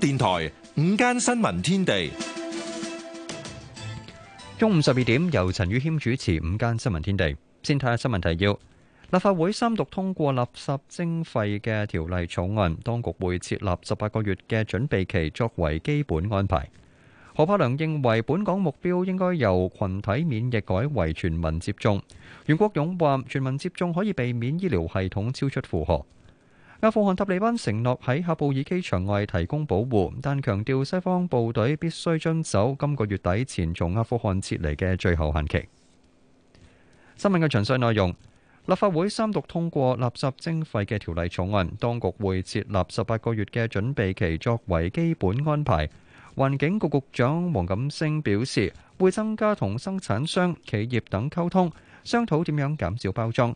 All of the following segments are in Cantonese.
電台午間新聞天地，中午十二點由陳宇謙主持。午間新聞天地，先睇下新聞提要。立法會三讀通過垃圾徵費嘅條例草案，當局會設立十八個月嘅準備期作為基本安排。何柏良認為，本港目標應該由群體免疫改為全民接種。袁國勇話，全民接種可以避免醫療系統超出負荷。阿富汗塔利班承諾喺喀布爾機場外提供保護，但強調西方部隊必須遵守今個月底前從阿富汗撤離嘅最後限期。新聞嘅詳細內容：立法會三讀通過垃圾徵費嘅條例草案，當局會設立十八個月嘅準備期作為基本安排。環境局局長黃錦星表示，會增加同生產商、企業等溝通，商討點樣減少包裝。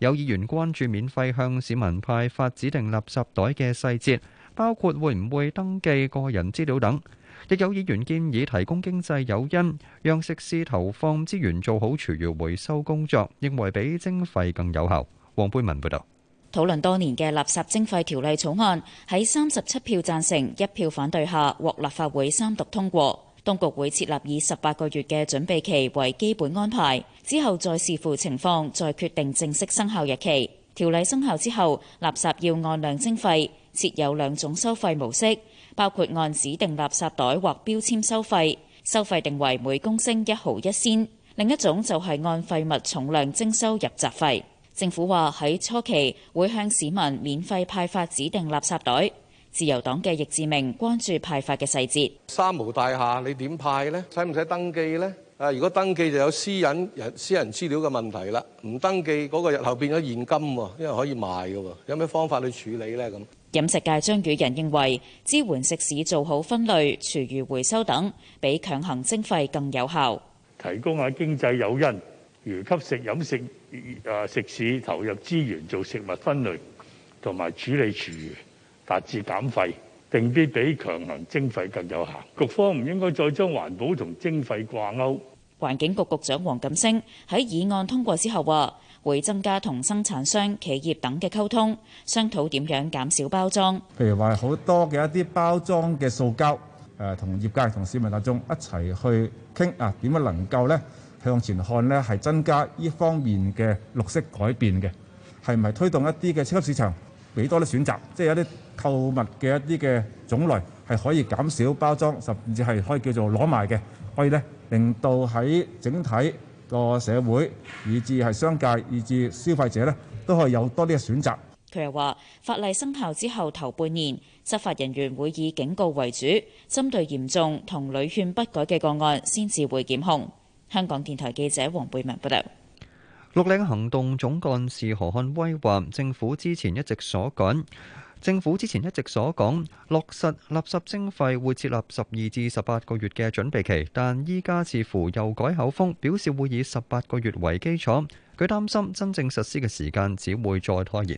有議員關注免費向市民派發指定垃圾袋嘅細節，包括會唔會登記個人資料等。亦有議員建議提供經濟誘因，讓食肆投放資源做好廚餘回收工作，認為比徵費更有效。黃貝文報道，討論多年嘅垃圾徵費條例草案喺三十七票贊成、一票反對下獲立法會三讀通過。當局會設立以十八個月嘅準備期為基本安排，之後再視乎情況，再決定正式生效日期。條例生效之後，垃圾要按量徵費，設有兩種收費模式，包括按指定垃圾袋或標籤收費，收費定為每公升一毫一仙，另一種就係按廢物重量徵收入閘費。政府話喺初期會向市民免費派發指定垃圾袋。自由黨嘅易志明關注派發嘅細節。三無大廈你點派咧？使唔使登記咧？誒，如果登記就有私隱人私人資料嘅問題啦。唔登記嗰、那個日後變咗現金喎，因為可以賣嘅。有咩方法去處理咧？咁飲食界張宇人認為，支援食肆做好分類廚餘回收等，比強行徵費更有效。提供下經濟誘因，如給食飲食誒食肆投入資源做食物分類同埋處理廚餘。達至減費，定必比強行徵費更有效。局方唔應該再將環保同徵費掛鈎。環境局局長黃錦星喺議案通過之後話，會增加同生產商、企業等嘅溝通，商討點樣減少包裝。譬如話好多嘅一啲包裝嘅塑膠，誒同業界同市民大眾一齊去傾啊，點樣能夠咧向前看咧，係增加呢方面嘅綠色改變嘅，係咪推動一啲嘅超級市場？俾多啲選擇，即係一啲購物嘅一啲嘅種類係可以減少包裝，甚至係可以叫做攞賣嘅，可以咧令到喺整體個社會，以至係商界，以至消費者呢，都可以有多啲嘅選擇。佢又話：法例生效之後頭半年，執法人員會以警告為主，針對嚴重同屢勸不改嘅個案，先至會檢控。香港電台記者黃貝文報道。綠領行動總幹事何漢威話，政府之前一直所講，政府之前一直所講落實垃圾徵費會設立十二至十八個月嘅準備期，但依家似乎又改口風，表示會以十八個月為基礎。佢擔心真正實施嘅時間只會再拖延。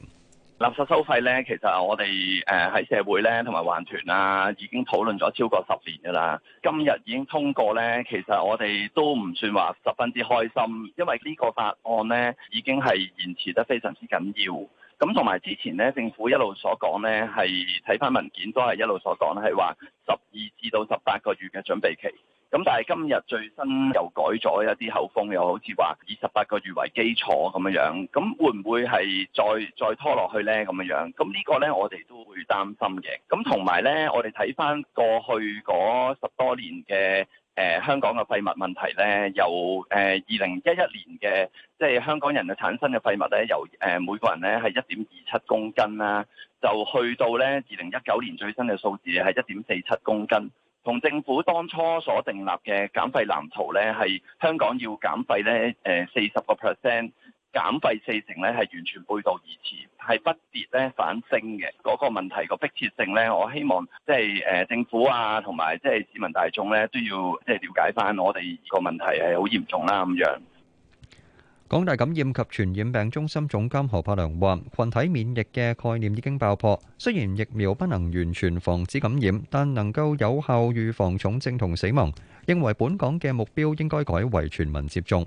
垃圾收費呢，其實我哋喺、呃、社會呢，同埋環團啊，已經討論咗超過十年嘅啦。今日已經通過呢，其實我哋都唔算話十分之開心，因為呢個法案呢，已經係延遲得非常之緊要。咁同埋之前呢，政府一路所講呢，係睇翻文件都係一路所講，係話十二至到十八個月嘅準備期。咁但係今日最新又改咗一啲口風，又好似話以十八個月為基礎咁樣樣，咁會唔會係再再拖落去呢？咁樣樣，咁呢個呢，我哋都會擔心嘅。咁同埋呢，我哋睇翻過去嗰十多年嘅誒、呃、香港嘅廢物問題呢，由誒二零一一年嘅即係香港人嘅產生嘅廢物呢，由誒、呃、每個人呢係一點二七公斤啦、啊，就去到呢二零一九年最新嘅數字係一點四七公斤。同政府當初所訂立嘅減廢藍圖咧，係香港要減廢咧，誒四十個 percent 減廢四成咧，係完全背道而馳，係不跌咧反升嘅嗰、那個問題個迫切性咧，我希望即係政府啊，同埋即係市民大眾咧，都要即係瞭解翻我哋個問題係好嚴重啦咁樣。港大感染及傳染病中心總監何柏良話：群體免疫嘅概念已經爆破，雖然疫苗不能完全防止感染，但能夠有效預防重症同死亡。認為本港嘅目標應該改為全民接種。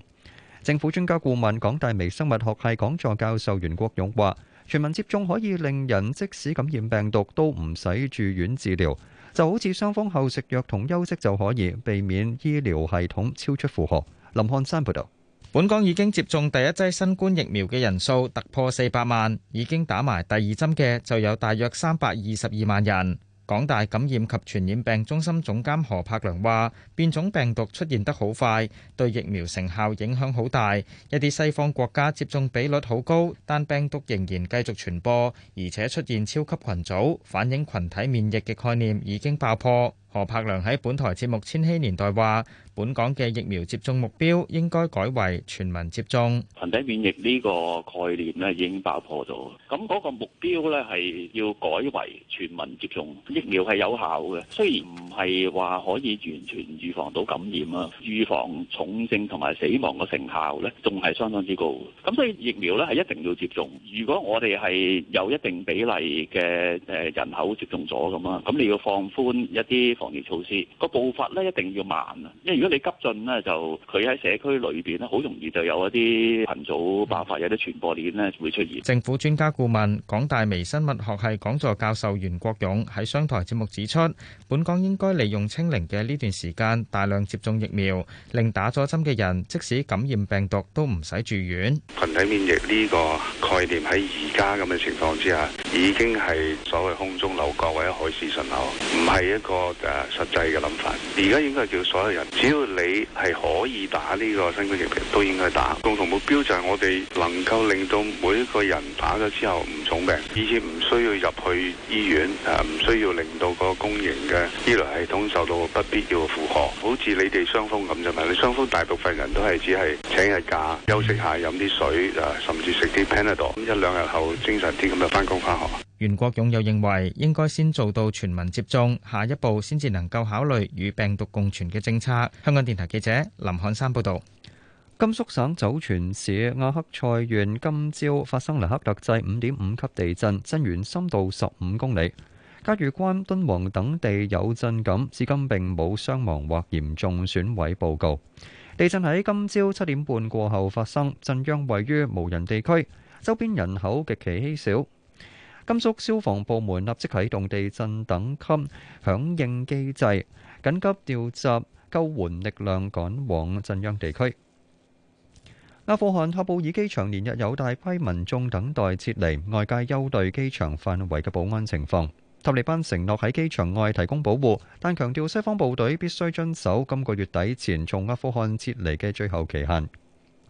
政府專家顧問、港大微生物學系講座教授袁國勇話：全民接種可以令人即使感染病毒都唔使住院治療，就好似傷風後食藥同休息就可以避免醫療系統超出負荷。林漢山報道。本港已經接種第一劑新冠疫苗嘅人數突破四百萬，已經打埋第二針嘅就有大約三百二十二萬人。港大感染及傳染病中心總監何柏良話：變種病毒出現得好快，對疫苗成效影響好大。一啲西方國家接種比率好高，但病毒仍然繼續傳播，而且出現超級群組，反映群體免疫嘅概念已經爆破。何柏良喺本台節目《千禧年代》話，本港嘅疫苗接種目標應該改為全民接種。群體免疫呢個概念咧已經爆破咗，嗰個目標咧係要改為全民接種。疫苗係有效嘅，雖然唔係話可以完全預防到感染啊，預防重症同埋死亡嘅成效咧仲係相當之高。咁所以疫苗咧係一定要接種，如果我哋係有一定比例嘅誒人口接種咗咁啊，咁你要放寬一啲。防疫措施個步伐咧一定要慢啊！因為如果你急進咧，就佢喺社區裏邊咧，好容易就有一啲羣組爆發，有啲傳播鏈咧會出現。政府專家顧問、港大微生物學系講座教授袁國勇喺商台節目指出，本港應該利用清零嘅呢段時間，大量接種疫苗，令打咗針嘅人即使感染病毒都唔使住院。群體免疫呢個概念喺而家咁嘅情況之下，已經係所謂空中樓閣或者海市蜃樓，唔係一個誒。實際嘅諗法，而家應該叫所有人，只要你係可以打呢個新冠疫苗，都應該打。共同目標就係我哋能夠令到每一個人打咗之後唔重病，而且唔需要入去醫院，唔需要令到個公營嘅醫療系統受到不必要嘅負荷。好似你哋傷風咁啫嘛，你傷風大部分人都係只係請日假休息下，飲啲水，甚至食啲 Panadol，一兩日後精神啲咁就翻工翻學。袁國勇又認為應該先做到全民接種，下一步先至能夠考慮與病毒共存嘅政策。香港電台記者林漢山報導。甘肅省酒泉市阿克塞縣今朝發生黎克特制五點五級地震，震源深度十五公里，嘉峪關、敦煌等地有震感，至今並冇傷亡或嚴重損毀報告。地震喺今朝七點半過後發生，震央位於無人地區，周邊人口極其稀少。甘肅消防部門立即啟動地震等級響應機制，緊急調集救援力量趕往震央地區。阿富汗喀布爾機場連日有大批民眾等待撤離，外界憂慮機場範圍嘅保安情況。塔利班承諾喺機場外提供保護，但強調西方部隊必須遵守今個月底前從阿富汗撤離嘅最後期限。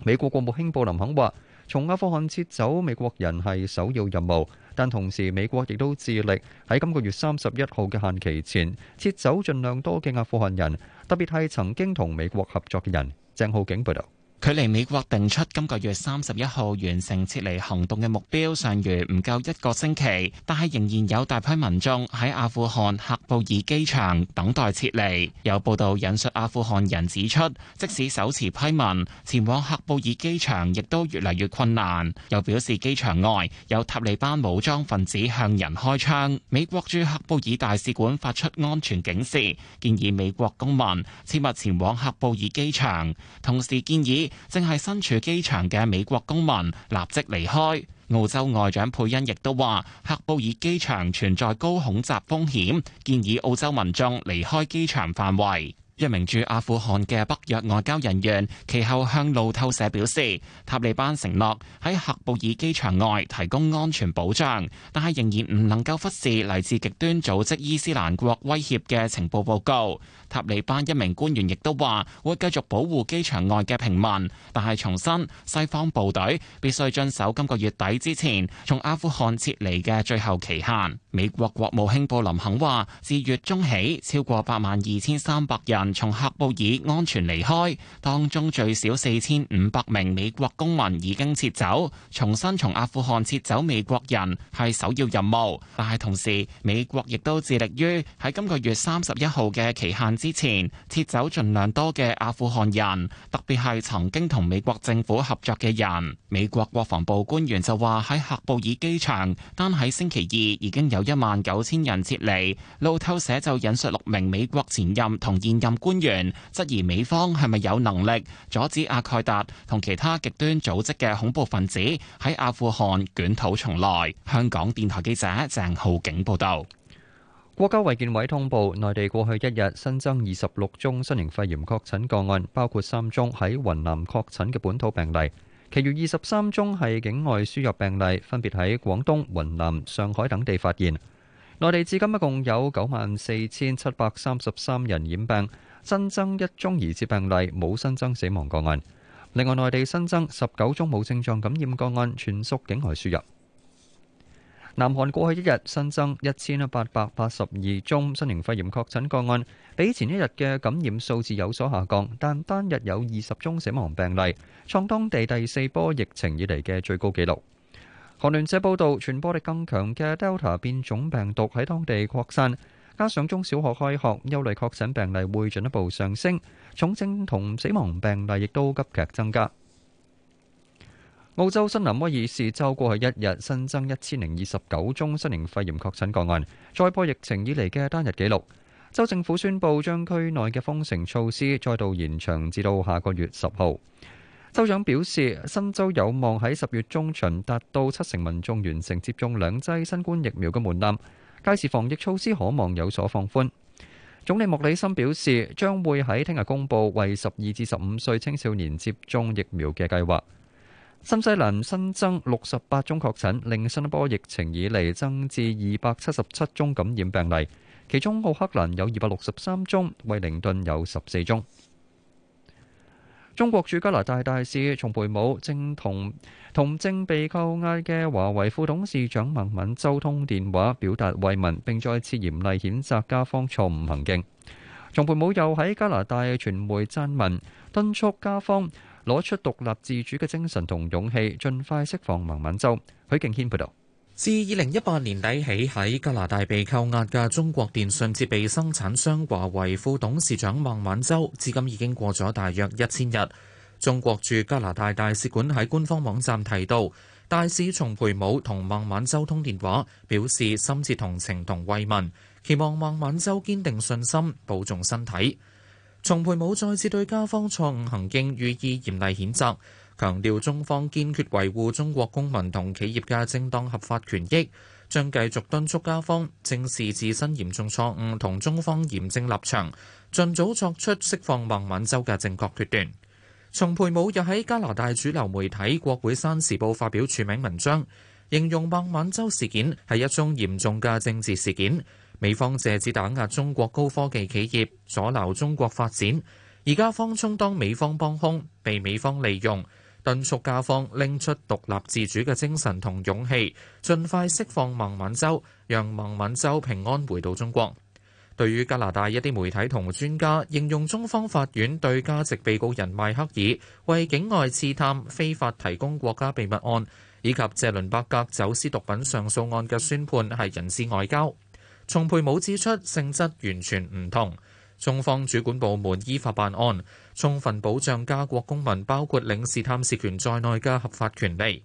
美國國務卿布林肯話，從阿富汗撤走美國人係首要任務。但同時，美國亦都致力喺今個月三十一號嘅限期前，撤走盡量多嘅阿富汗人，特別係曾經同美國合作嘅人。鄭浩景報道。距離美國定出今個月三十一號完成撤離行動嘅目標尚餘唔夠一個星期，但係仍然有大批民眾喺阿富汗喀布爾機場等待撤離。有報道引述阿富汗人指出，即使手持批文前往喀布爾機場，亦都越嚟越困難。又表示機場外有塔利班武裝分子向人開槍。美國駐喀布爾大使館發出安全警示，建議美國公民切勿前往喀布爾機場，同時建議，正係身處機場嘅美國公民立即離開。澳洲外長佩恩亦都話，克布爾機場存在高恐襲風險，建議澳洲民眾離開機場範圍。一名駐阿富汗嘅北約外交人員其後向路透社表示，塔利班承諾喺喀布爾機場外提供安全保障，但係仍然唔能夠忽視嚟自極端組織伊斯蘭國威脅嘅情報報告。塔利班一名官員亦都話會繼續保護機場外嘅平民，但係重申西方部隊必須遵守今個月底之前從阿富汗撤離嘅最後期限。美國國務卿布林肯話自月中起，超過八萬二千三百人。從喀布爾安全離開，當中最少四千五百名美國公民已經撤走，重新從阿富汗撤走美國人係首要任務。但係同時，美國亦都致力於喺今個月三十一號嘅期限之前撤走盡量多嘅阿富汗人，特別係曾經同美國政府合作嘅人。美國國防部官員就話喺喀布爾機場，單喺星期二已經有一萬九千人撤離。路透社就引述六名美國前任同現任官員質疑美方係咪有能力阻止阿蓋達同其他極端組織嘅恐怖分子喺阿富汗捲土重來？香港電台記者鄭浩景報道。國家衛健委通報，內地過去一日新增二十六宗新型肺炎確診個案，包括三宗喺雲南確診嘅本土病例，其餘二十三宗係境外輸入病例，分別喺廣東、雲南、上海等地發現。內地至今一共有九萬四千七百三十三人染病，新增一宗疑似病例，冇新增死亡個案。另外，內地新增十九宗冇症狀感染個案，全屬境外輸入。南韓過去一日新增一千八百八十二宗新型肺炎確診個案，比前一日嘅感染數字有所下降，但單日有二十宗死亡病例，創當地第四波疫情以嚟嘅最高紀錄。韓聯社報道，傳播力更強嘅 Delta 變種病毒喺當地擴散，加上中小學開學，憂慮確診病例會進一步上升，重症同死亡病例亦都急劇增加。澳洲新南威爾士州過去一日新增一千零二十九宗新型肺炎確診個案，再破疫情以嚟嘅單日紀錄。州政府宣布將區內嘅封城措施再度延長至到下個月十號。州長表示，新州有望喺十月中旬達到七成民眾完成接種兩劑新冠疫苗嘅門檻，屆時防疫措施可望有所放寬。總理莫里森表示，將會喺聽日公佈為十二至十五歲青少年接種疫苗嘅計劃。新西蘭新增六十八宗確診，令新一波疫情以嚟增至二百七十七宗感染病例，其中奧克蘭有二百六十三宗，威靈頓有十四宗。中國駐加拿大大使叢培武正同同正被扣押嘅華為副董事長孟晚舟通電話，表達慰問，並再次嚴厲譴責加方錯誤行徑。叢培武又喺加拿大傳媒撰文，敦促加方攞出獨立自主嘅精神同勇氣，盡快釋放孟晚舟。許敬軒報道。自二零一八年底起喺加拿大被扣押嘅中國電信設備生產商華為副董事長孟晚舟，至今已經過咗大約一千日。中國駐加拿大大使館喺官方網站提到，大使叢培武同孟晚舟通電話，表示深切同情同慰問，期望孟晚舟堅定信心，保重身體。叢培武再次對加方錯誤行徑予以嚴厲譴責。強調中方堅決維護中國公民同企業嘅正當合法權益，將繼續敦促加方正視自身嚴重錯誤同中方嚴正立場，盡早作出釋放孟晚舟嘅正確決斷。叢培武又喺加拿大主流媒體《國會山時報》發表署名文章，形容孟晚舟事件係一宗嚴重嘅政治事件，美方借此打壓中國高科技企業，阻撓中國發展，而加方充當美方幫兇，被美方利用。敦促加方拎出獨立自主嘅精神同勇氣，盡快釋放孟晚舟，讓孟晚舟平安回到中國。對於加拿大一啲媒體同專家形容，應用中方法院對加籍被告人邁克爾為境外刺探非法提供國家秘密案以及謝倫伯格走私毒品上訴案嘅宣判係人質外交。重培武指出，性質完全唔同，中方主管部門依法辦案。充分保障加國公民，包括領事探視權在內嘅合法權利。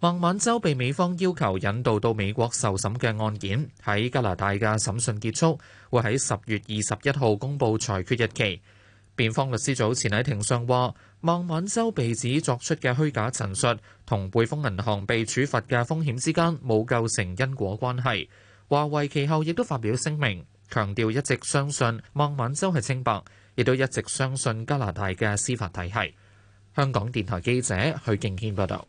孟晚舟被美方要求引渡到美國受審嘅案件，喺加拿大嘅審訊結束，會喺十月二十一號公布裁決日期。辯方律師早前喺庭上話，孟晚舟被指作出嘅虛假陳述，同匯豐銀行被處罰嘅風險之間冇構成因果關係。華為其後亦都發表聲明，強調一直相信孟晚舟係清白。亦都一直相信加拿大嘅司法體系。香港電台記者許敬軒報導。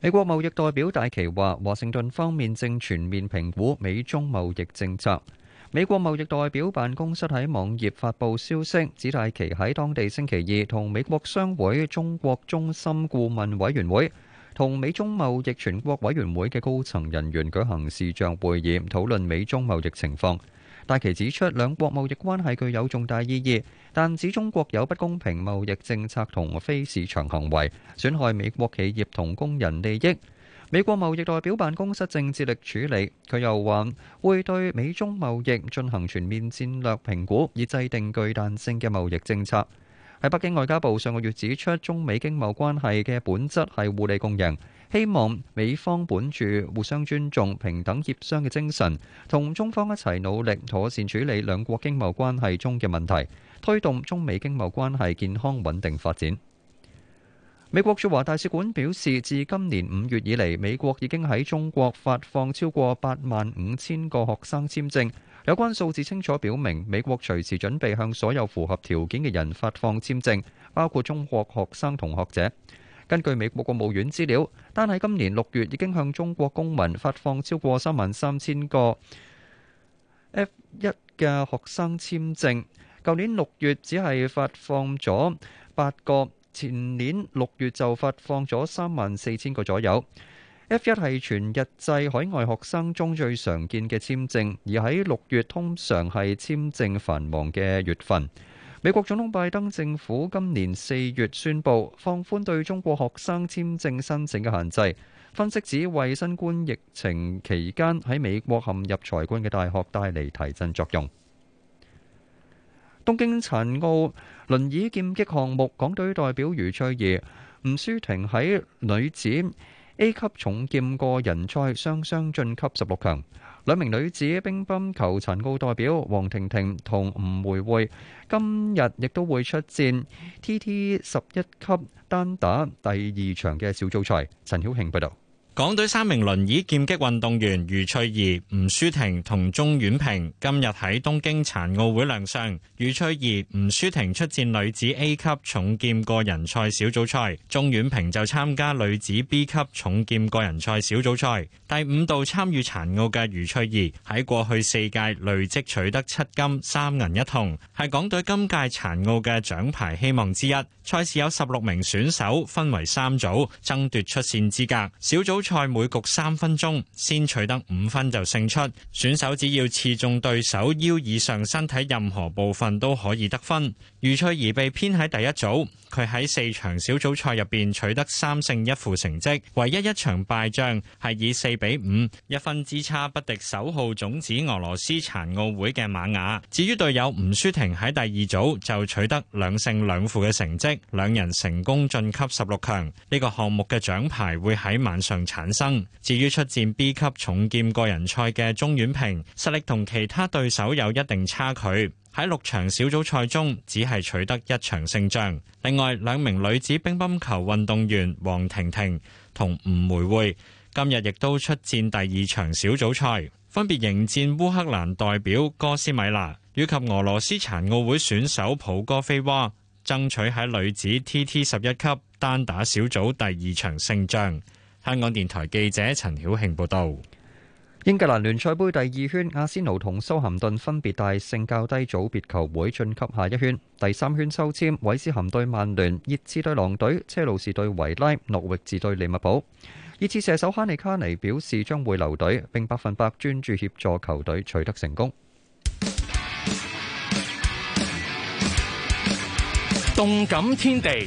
美國貿易代表戴琪話，華盛頓方面正全面評估美中貿易政策。美國貿易代表辦公室喺網頁發布消息，指戴琪喺當地星期二同美國商會中國中心顧問委員會同美中貿易全國委員會嘅高層人員舉行視像會議，討論美中貿易情況。戴琪指出，兩國貿易關係具有重大意義，但指中國有不公平貿易政策同非市場行為，損害美國企業同工人利益。美國貿易代表辦公室正致力處理，佢又話會對美中貿易進行全面戰略評估，以制定具彈性嘅貿易政策。喺北京外交部上個月指出，中美經貿關係嘅本質係互利共贏，希望美方本住互相尊重、平等協商嘅精神，同中方一齊努力，妥善處理兩國經貿關係中嘅問題，推動中美經貿關係健康穩定發展。美國駐華大使館表示，自今年五月以嚟，美國已經喺中國發放超過八萬五千個學生簽證。有關數字清楚表明，美國隨時準備向所有符合條件嘅人發放簽證，包括中國學，學生同學者。根據美國國務院資料，單喺今年六月已經向中國公民發放超過三萬三千個 F 一嘅學生簽證。舊年六月只係發放咗八個，前年六月就發放咗三萬四千個左右。F1 係全日制海外學生中最常見嘅簽證，而喺六月通常係簽證繁忙嘅月份。美國總統拜登政府今年四月宣布放寬對中國學生簽證申請嘅限制，分析指為新冠疫情期間喺美國陷入財困嘅大學帶嚟提振作用。東京殘奧輪椅劍擊項目，港隊代表余翠怡、吳舒婷喺女子 A 級重劍個人賽雙雙晉級十六強，兩名女子乒乓球殘奧代表黃婷婷同吳梅慧今日亦都會出戰 TT 十一級單打第二場嘅小組賽。陳曉慶報道。港隊三名輪椅劍擊運動員余翠怡、吳舒婷同鍾婉萍今日喺東京殘奧會亮相。余翠怡、吳舒婷出戰女子 A 級重劍個人賽小組賽，鍾婉萍就參加女子 B 級重劍個人賽小組賽。第五度參與殘奧嘅余翠怡喺過去四屆累積取得七金三銀一銅，係港隊今屆殘奧嘅獎牌希望之一。賽事有十六名選手分為三組爭奪出線資格，小組。賽每局三分鐘，先取得五分就勝出。選手只要刺中對手腰以上身體任何部分都可以得分。余翠怡被編喺第一組，佢喺四場小組賽入邊取得三勝一負成績，唯一一場敗仗係以四比五一分之差不敵首號種子俄羅斯殘奧會嘅瑪雅。至於隊友吳舒婷喺第二組就取得兩勝兩負嘅成績，兩人成功晉級十六強。呢個項目嘅獎牌會喺晚上。產生。至於出戰 B 級重劍個人賽嘅鍾遠平，實力同其他對手有一定差距。喺六場小組賽中，只係取得一場勝仗。另外兩名女子乒乓球運動員黃婷婷同吳梅會今日亦都出戰第二場小組賽，分別迎戰烏克蘭代表哥斯米娜以及俄羅斯殘奧會選手普哥菲娃，爭取喺女子 TT 十一級單打小組第二場勝仗。香港電台記者陳曉慶報道：英格蘭聯賽杯第二圈，阿仙奴同蘇咸頓分別帶勝較低組別球會晉級下一圈。第三圈抽簽，韋斯咸對曼聯，熱刺對狼隊，車路士對維拉，諾域治對利物浦。熱刺射手哈利卡尼表示將會留隊，並百分百專注協助球隊取得成功。動感天地。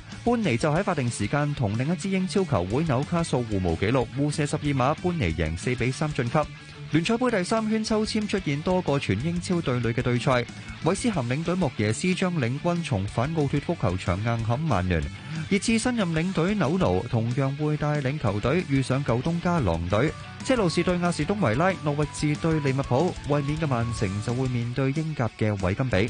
班尼就喺法定時間同另一支英超球會紐卡素互無紀錄互射十二碼，班尼贏四比三晉級。聯賽杯第三圈抽簽出現多個全英超隊內嘅對賽，韋斯咸領隊莫耶斯將領軍重返奧脫福球場硬撼曼聯，熱刺新任領隊紐奴同樣會帶領球隊遇上舊東家狼隊。車路士對亞士東維拉，諾域治對利物浦，衛冕嘅曼城就會面對英甲嘅韋金比。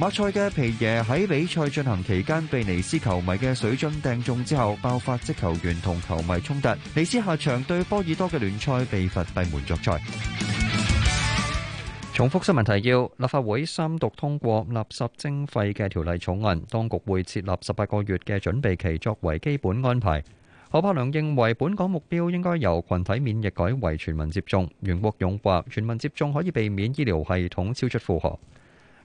馬賽嘅皮耶喺比賽進行期間被尼斯球迷嘅水樽掟中之後，爆發職球員同球迷衝突。尼斯下場對波爾多嘅聯賽被罰閉門作賽。重複新聞提要：立法會三讀通過垃圾徵費嘅條例草案，當局會設立十八個月嘅準備期作為基本安排。何柏良認為本港目標應該由群體免疫改為全民接種。袁國勇話：全民接種可以避免醫療系統超出負荷。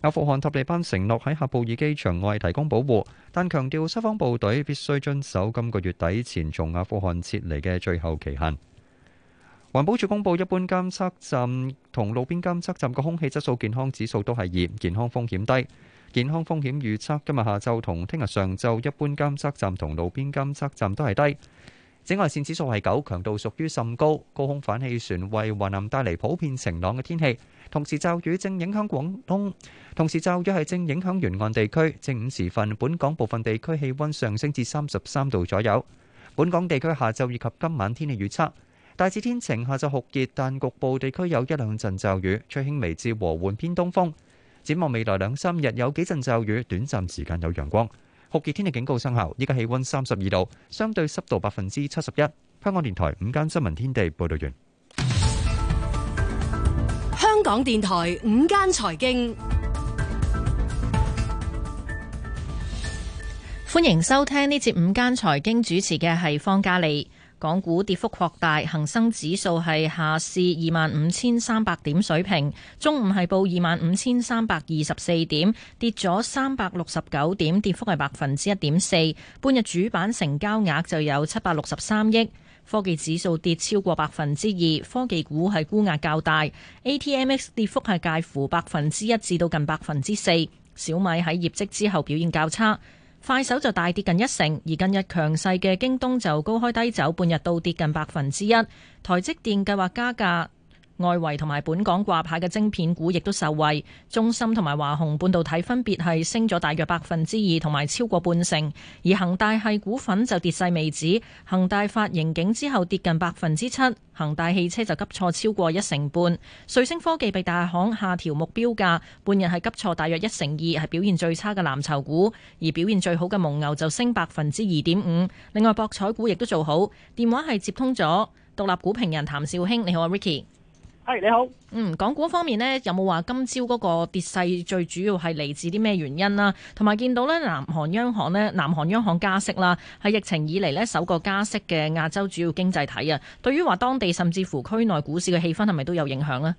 阿富汗塔利班承諾喺喀布爾機場外提供保護，但強調西方部隊必須遵守今個月底前從阿富汗撤離嘅最後期限。環保署公布，一般監測站同路邊監測站嘅空氣質素健康指數都係二，健康風險低。健康風險預測今日下晝同聽日上晝，一般監測站同路邊監測站都係低。紫外線指數係九，強度屬於甚高。高空反氣旋為華南帶嚟普遍晴朗嘅天氣，同時驟雨正影響廣東，同時驟雨係正影響沿岸地區。正午時分，本港部分地區氣溫上升至三十三度左右。本港地區下晝以及今晚天氣預測：大致天晴，下晝酷熱，但局部地區有一兩陣驟雨，吹輕微至和緩偏東風。展望未來兩三日有幾陣驟雨，短暫時間有陽光。酷熱天氣警告生效，依家氣温三十二度，相對濕度百分之七十一。香港電台午間新聞天地報道完。香港電台午間財經，歡迎收聽呢節午間財經主持嘅係方嘉莉。港股跌幅擴大，恒生指數係下市二萬五千三百點水平，中午係報二萬五千三百二十四點，跌咗三百六十九點，跌幅係百分之一點四。半日主板成交額就有七百六十三億，科技指數跌超過百分之二，科技股係沽壓較大。ATMX 跌幅係介乎百分之一至到近百分之四，小米喺業績之後表現較差。快手就大跌近一成，而近日強勢嘅京東就高開低走，半日倒跌近百分之一。台積電計劃加價。外圍同埋本港掛牌嘅晶片股亦都受惠，中芯同埋華虹半導體分別係升咗大約百分之二，同埋超過半成。而恒大係股份就跌勢未止，恒大發盈警之後跌近百分之七，恒大汽車就急挫超過一成半。瑞星科技被大行下調目標價，半日係急挫大約一成二，係表現最差嘅藍籌股。而表現最好嘅蒙牛就升百分之二點五。另外博彩股亦都做好，電話係接通咗，獨立股評人譚少卿，你好啊，Ricky。Rikki 係你好，嗯，港股方面呢，有冇話今朝嗰個跌勢最主要係嚟自啲咩原因啦？同埋見到呢，南韓央行南韓央行加息啦，係疫情以嚟呢，首個加息嘅亞洲主要經濟體啊。對於話當地甚至乎區內股市嘅氣氛係咪都有影響呢？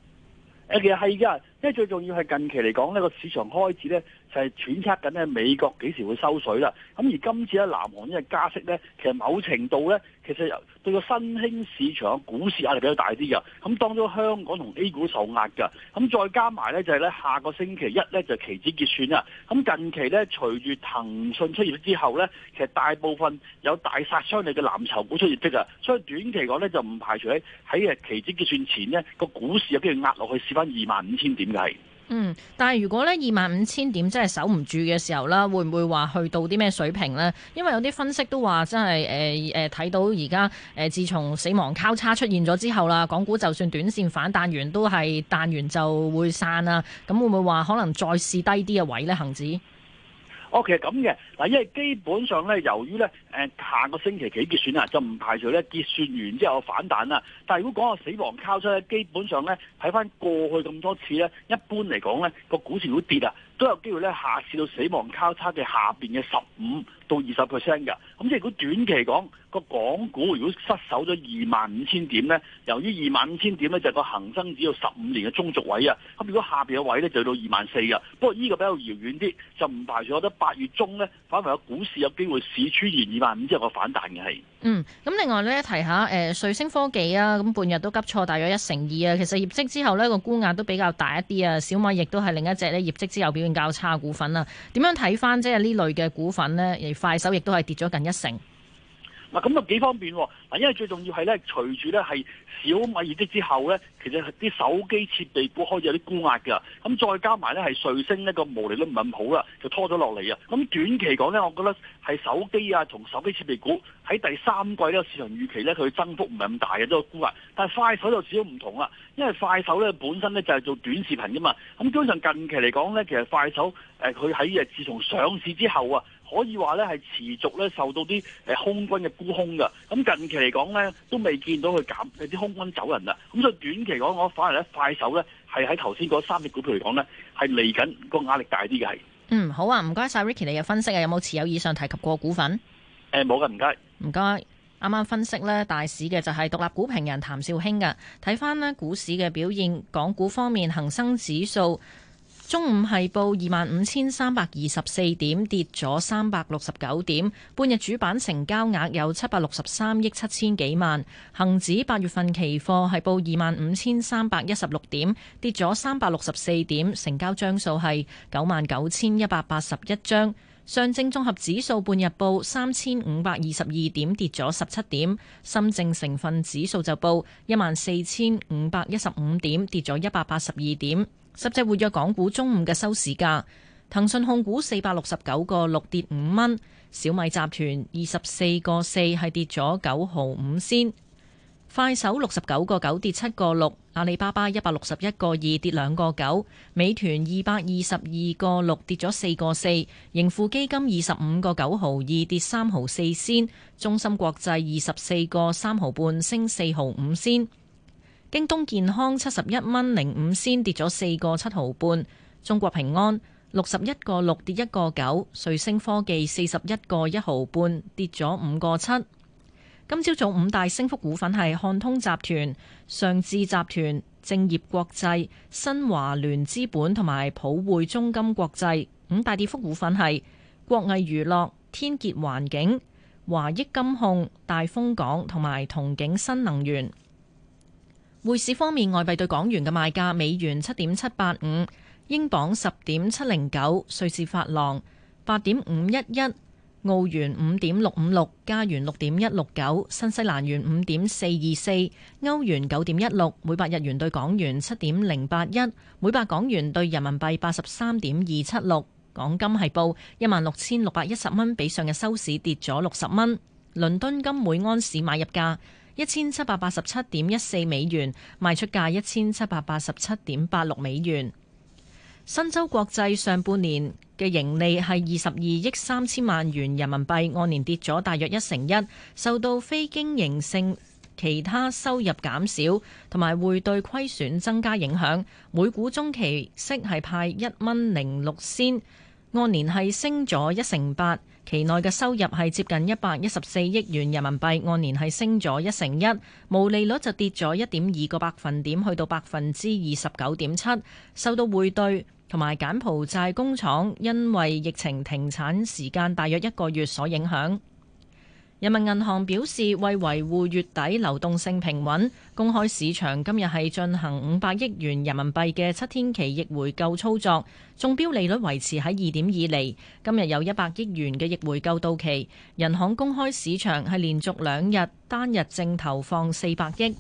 誒，其實係噶，即係最重要係近期嚟講呢個市場開始呢。就係、是、揣測緊咧，美國幾時會收水啦？咁而今次咧，南韓呢個加息咧，其實某程度咧，其實對個新興市場嘅股市壓力比較大啲㗎。咁當咗香港同 A 股受壓㗎，咁再加埋咧就係咧，下個星期一咧就期指結算啦。咁近期咧，隨住騰訊出現之後咧，其實大部分有大殺傷力嘅藍籌股出業績啊，所以短期講咧就唔排除喺喺期指結算前咧個股市有機會壓落去試翻二萬五千點嘅係。嗯，但係如果呢，二萬五千點真係守唔住嘅時候啦，會唔會話去到啲咩水平呢？因為有啲分析都話真係誒誒，睇、呃呃、到而家誒自從死亡交叉出現咗之後啦，港股就算短線反彈完都係，彈完就會散啦。咁會唔會話可能再試低啲嘅位呢？恒指哦，其實咁嘅，嗱，因為基本上咧，由於咧，誒、呃，下個星期幾結算啊，就唔排除咧結算完之後反彈啦。但係如果講個死亡交叉咧，基本上咧，睇翻過去咁多次咧，一般嚟講咧，個股市會跌啊。都有機會咧，下次到死亡交叉嘅下邊嘅十五到二十 percent 嘅。咁即係如果短期講個港股，如果失守咗二萬五千點咧，由於二萬五千點咧就係個恒生指要十五年嘅中軸位啊。咁如果下邊嘅位咧就到二萬四嘅。不過呢個比較遙遠啲，就唔排除我覺得八月中咧，反而有股市有機會市出現二萬五之後個反彈嘅係。嗯，咁另外咧提一下，誒、呃、瑞星科技啊，咁半日都急挫大約一成二啊。其實業績之後呢，個估壓都比較大一啲啊。小米亦都係另一隻咧業績之後表現較差股份啦。點樣睇翻即係呢類嘅股份呢？而快手亦都係跌咗近一成。嗱咁啊幾方便喎！嗱，因為最重要係咧，隨住咧係小米熱跡之後咧，其實啲手機設備股開始有啲高壓㗎。咁再加埋咧係瑞聲呢個毛利率都唔係咁好啦，就拖咗落嚟啊。咁短期講咧，我覺得係手機啊同手機設備股喺第三季呢個市場預期咧，佢增幅唔係咁大嘅呢個估壓。但係快手就少少唔同啦，因為快手咧本身咧就係做短視頻㗎嘛。咁基本上近期嚟講咧，其實快手誒佢喺誒自從上市之後啊。可以話咧係持續咧受到啲空軍嘅沽空㗎，咁近期嚟講咧都未見到佢減，啲空軍走人啦。咁所以短期講，我反而咧快手咧係喺頭先嗰三隻股票嚟講咧係嚟緊個壓力大啲嘅係。嗯，好啊，唔該晒 Ricky 你嘅分析啊，有冇持有以上提及過股份？誒、嗯，冇嘅，唔該。唔該，啱啱分析咧大市嘅就係獨立股評人譚紹興㗎。睇翻呢股市嘅表現，港股方面，恒生指數。中午係報二萬五千三百二十四點，跌咗三百六十九點。半日主板成交額有七百六十三億七千幾萬。恒指八月份期貨係報二萬五千三百一十六點，跌咗三百六十四點，成交張數係九萬九千一百八十一張。上證綜合指數半日報三千五百二十二點，跌咗十七點。深證成分指數就報一萬四千五百一十五點，跌咗一百八十二點。十隻活躍港股中午嘅收市價，騰訊控股四百六十九個六跌五蚊，小米集團二十四個四係跌咗九毫五仙，快手六十九個九跌七個六，阿里巴巴一百六十一個二跌兩個九，美團二百二十二個六跌咗四個四，盈富基金二十五個九毫二跌三毫四仙，中芯國際二十四個三毫半升四毫五仙。京東健康七十一蚊零五仙跌咗四個七毫半，中國平安六十一個六跌一個九，瑞星科技四十一個一毫半跌咗五個七。今朝早五大升幅股份係漢通集團、上智集團、正業國際、新華聯資本同埋普匯中金國際。五大跌幅股份係國藝娛樂、天杰環境、華億金控、大豐港同埋同景新能源。匯市方面，外幣對港元嘅賣價：美元七點七八五，英鎊十點七零九，瑞士法郎八點五一一，澳元五點六五六，加元六點一六九，新西蘭元五點四二四，歐元九點一六，每百日元對港元七點零八一，每百港元對人民幣八十三點二七六。港金係報一萬六千六百一十蚊，比上日收市跌咗六十蚊。倫敦金每安士買入價。一千七百八十七點一四美元，賣出價一千七百八十七點八六美元。新洲國際上半年嘅盈利係二十二億三千萬元人民幣，按年跌咗大約一成一，受到非經營性其他收入減少同埋匯兌虧損增加影響。每股中期息係派一蚊零六仙，按年係升咗一成八。期內嘅收入係接近一百一十四億元人民幣，按年係升咗一成一，毛利率就跌咗一點二個百分點，去到百分之二十九點七，受到匯兌同埋柬埔寨工廠因為疫情停產時間大約一個月所影響。人民銀行表示，為維護月底流動性平穩，公開市場今日係進行五百億元人民幣嘅七天期逆回購操作，中標利率維持喺二點二厘。今日有一百億元嘅逆回購到期，人行公開市場係連續兩日單日淨投放四百億。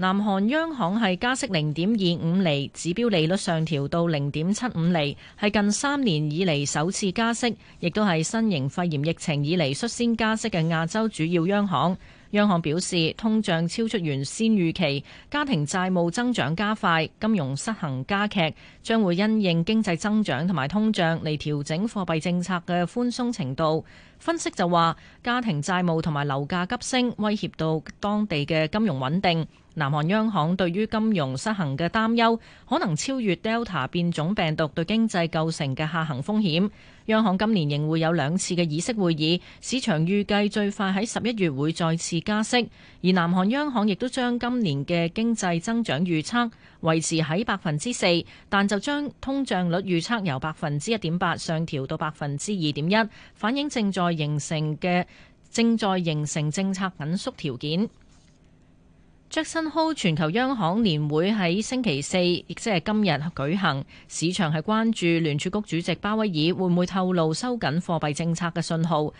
南韓央行係加息零點二五厘，指標利率上調到零點七五厘，係近三年以嚟首次加息，亦都係新型肺炎疫情以嚟率先加息嘅亞洲主要央行。央行表示，通脹超出原先預期，家庭債務增長加快，金融失衡加劇，將會因應經濟增長同埋通脹嚟調整貨幣政策嘅寬鬆程度。分析就話，家庭債務同埋樓價急升，威脅到當地嘅金融穩定。南韓央行對於金融失衡嘅擔憂，可能超越 Delta 變種病毒對經濟構成嘅下行風險。央行今年仍會有兩次嘅議息會議，市場預計最快喺十一月會再次加息。而南韓央行亦都將今年嘅經濟增長預測維持喺百分之四，但就將通脹率預測由百分之一點八上調到百分之二點一，反映正在形成嘅正在形成政策緊縮條件。Jackson Hole，全球央行年會喺星期四，亦即係今日舉行，市場係關注聯儲局主席鮑威爾會唔會透露收緊貨幣政策嘅信號，例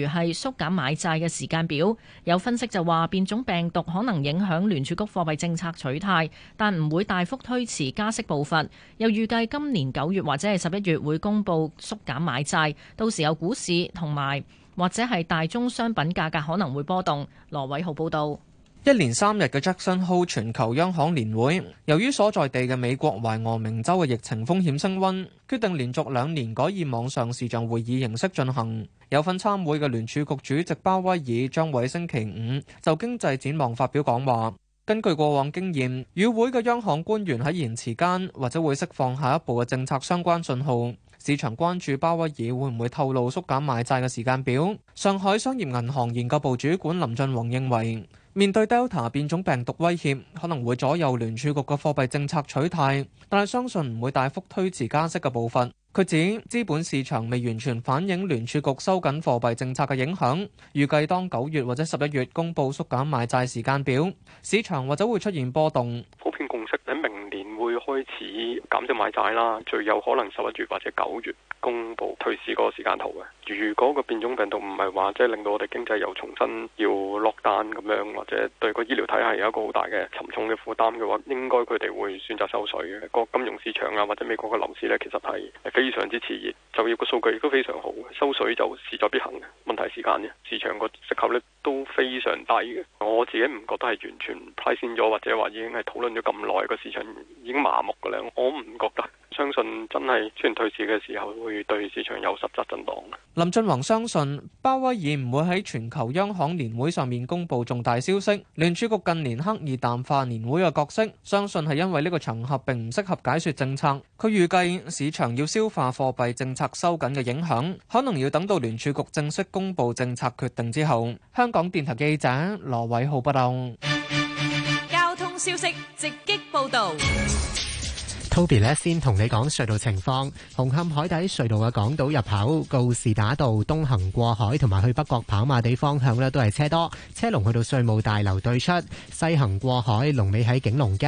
如係縮減買債嘅時間表。有分析就話，變種病毒可能影響聯儲局貨幣政策取態，但唔會大幅推遲加息步伐。又預計今年九月或者係十一月會公布縮減買債，到時有股市同埋或者係大宗商品價格可能會波動。羅偉豪報道。一連三日嘅 Jackson Hole 全球央行年會，由於所在地嘅美國懷俄明州嘅疫情風險升溫，決定連續兩年改以網上視像會議形式進行。有份參會嘅聯儲局主席鮑威爾將喺星期五就經濟展望發表講話。根據過往經驗，與會嘅央行官員喺言辭間或者會釋放下一步嘅政策相關信號。市場關注鮑威爾會唔會透露縮減買債嘅時間表。上海商業銀行研究部主管林俊宏認為。面對 Delta 變種病毒威脅，可能會左右聯儲局嘅貨幣政策取態，但係相信唔會大幅推遲加息嘅部分。佢指資本市場未完全反映聯儲局收緊貨幣政策嘅影響，預計當九月或者十一月公布縮減買債時間表，市場或者會出現波動。普遍共識明。會開始減少買債啦，最有可能十一月或者九月公布退市個時間圖嘅。如果個變種病毒唔係話即係令到我哋經濟又重新要落單咁樣，或者對個醫療體系有一個好大嘅沉重嘅負擔嘅話，應該佢哋會選擇收水嘅。個金融市場啊，或者美國個樓市咧，其實係非常之熾熱，就業個數據亦都非常好，收水就勢在必行嘅。問題時間啫，市場個需求率都非常低嘅。我自己唔覺得係完全派先咗，或者話已經係討論咗咁耐個市場已麻木嘅咧，我唔覺得。相信真係全退市嘅時候，會對市場有實質震盪。林俊宏相信鮑威爾唔會喺全球央行年會上面公布重大消息。聯儲局近年刻意淡化年會嘅角色，相信係因為呢個場合並唔適合解說政策。佢預計市場要消化貨幣政策收緊嘅影響，可能要等到聯儲局正式公布政策決定之後。香港電台記者羅偉浩報道。消息直擊報導。Toby 呢先同你講隧道情況，紅磡海底隧道嘅港島入口告士打道東行過海同埋去北角跑馬地方向呢都係車多，車龍去到稅務大樓對出，西行過海龍尾喺景隆街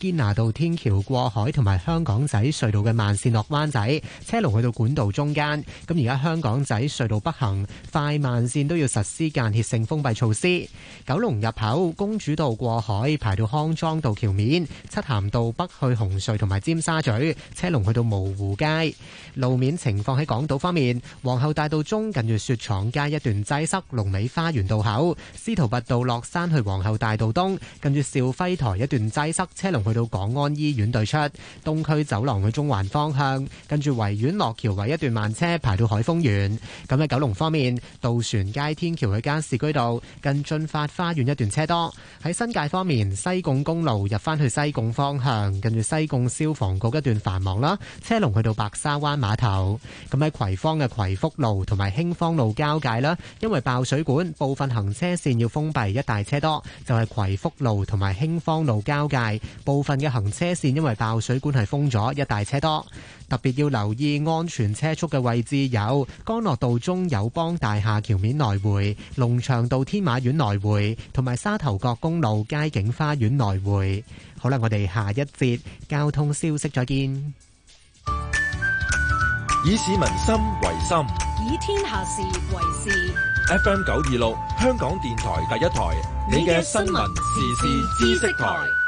堅拿道天橋過海同埋香港仔隧道嘅慢線落灣仔，車龍去到管道中間。咁而家香港仔隧道北行快慢線都要實施間歇性封閉措施。九龍入口公主道過海排到康莊道橋面，漆咸道北去紅隧同埋尖沙咀車龍去到蕪湖街，路面情況喺港島方面，皇后大道中近住雪廠街一段擠塞，龍尾花園道口，司徒拔道落山去皇后大道東，近住兆輝台一段擠塞，車龍去到港安醫院對出，東區走廊去中環方向，跟住維園落橋位一段慢車排到海峰園。咁喺九龍方面，渡船街天橋去加士居道，近駿發花園一段車多。喺新界方面，西貢公路入翻去西貢方向，近住西貢消防防局一段繁忙啦，車龍去到白沙灣碼頭。咁喺葵芳嘅葵福路同埋興芳路交界啦，因為爆水管，部分行車線要封閉，一帶車多。就係、是、葵福路同埋興芳路交界，部分嘅行車線因為爆水管係封咗，一帶車多。特別要留意安全車速嘅位置有：江樂道中友邦大廈橋面來回、龍翔道天馬苑來回，同埋沙頭角公路佳景花園來回。好啦，我哋下一節交通消息再見。以市民心為心，以天下事為事。F M 九二六，香港電台第一台，你嘅新聞時事知識台。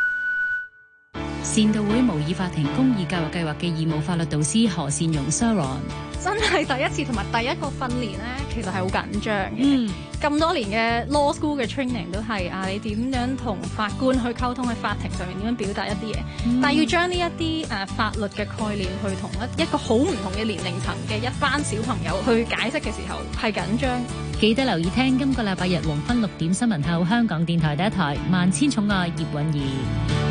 善道會模擬法庭公義教育計劃嘅義務法律導師何善容 Siron，真係第一次同埋第一個訓練呢其實係好緊張嘅。咁、嗯、多年嘅 law school 嘅 training 都係啊，你點樣同法官去溝通喺法庭上面，點樣表達一啲嘢，嗯？但係要將呢一啲誒法律嘅概念去同一一個好唔同嘅年齡層嘅一班小朋友去解釋嘅時候，係緊張。記得留意聽今個禮拜日黃昏六點新聞後，香港電台第一台萬千寵愛葉韻儀。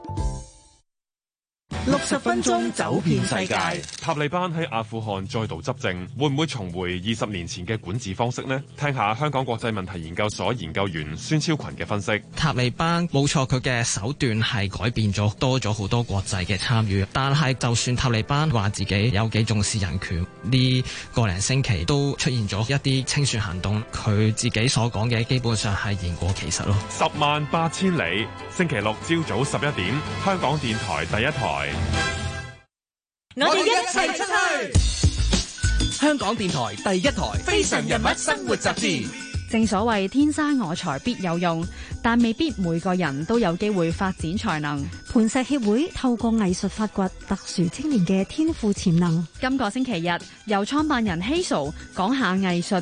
六十分鐘走遍世界。塔利班喺阿富汗再度執政，會唔會重回二十年前嘅管治方式呢？聽下香港國際問題研究所研究員孫超群嘅分析。塔利班冇錯，佢嘅手段係改變咗，多咗好多國際嘅參與。但係就算塔利班話自己有幾重視人權，呢個零星期都出現咗一啲清算行動。佢自己所講嘅，基本上係言過其實咯。十萬八千里，星期六朝早十一點，香港電台第一台。我哋一齊出去。香港電台第一台《非常人物生活雜誌》。正所謂天生我材必有用，但未必每個人都有機會發展才能。盤石協會透過藝術發掘特殊青年嘅天賦潛能。今個星期日，由創辦人希蘇講下藝術。